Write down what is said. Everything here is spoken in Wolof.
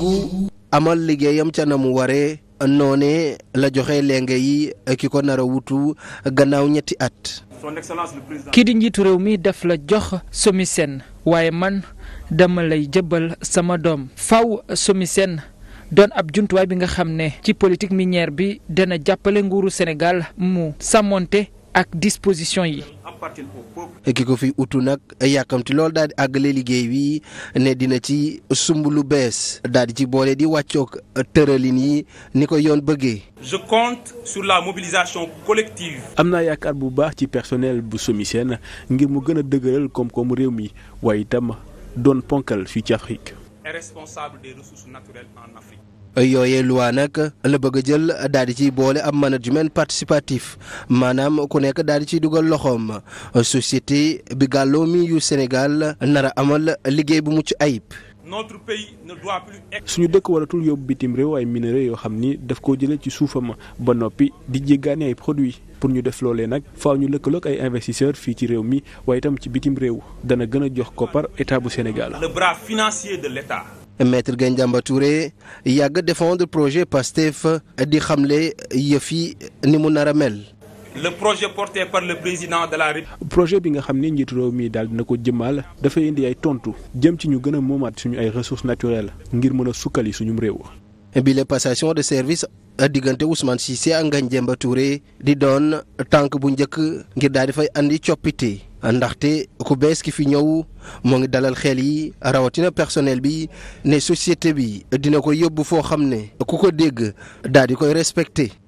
nangu amal liggéeyam ca na mu waree noonee la joxe leng yi ki ko nar a wutu gannaaw ñetti at. kii di njiitu réew mi daf la jox SOMISEN waaye man dama lay jëbal sama doom faw SOMISEN doon ab jumtuwaay bi nga xam ne ci politique minière bi dana jàppale nguuru Sénégal mu sàmmonte ak disposition yi. ki ko fi utu nag yàkkamti loolu daal di àggale liggéey bi ne dina ci sumb lu bees daal di ci boole di wàccook tëralin yi ni ko yoon bëggee. je am na yaakaar bu baax ci personnel bu SOMISEN ngir mu gën a dëgëral koom-koomu réew mi waaye itam doon ponkal fii ci Afrique. yooyee loi nag la bëgg a jël daal di ciy boole ab management participatif maanaam ku nekk daal di ciy dugal loxoom société bi gàlloo mi yu Sénégal nar a amal liggéey bu mucc ayib. notre pays suñu dëkk waratul yóbbu bitim réew waaye minerais yoo xam ni daf koo jëlee ci suufam ba noppi di jéggaane ay produits pour ñu def loolee nag faaw ñu lëkkaloog ay investisseur fii ci réew mi waaye itam ci bitim réew dana gën a jox koppar état bu Sénégal. maître Ngagne Demba yàgg défendre projet PASTEF di xamle yëf yi ni mu nar a mel. le projet porté par le président projet bi nga xam ne njiitu réew mi daal dina ko jëmmal dafay indi ay tontu jëm ci ñu gën a moomaat suñu ay ressources naturelles ngir mën a sukkali suñu réew. bile passation de service diggante Ousmane Cissé ak Ngagne Demba di doon tànk bu njëkk ngir daal di fay andi coppite. ndaxte ku bees ki fi ñëw moo ngi dalal xeel yi rawatina personnel bi ne société bi dina ko yóbbu foo xam ne ku ko dégg daal di koy respecté.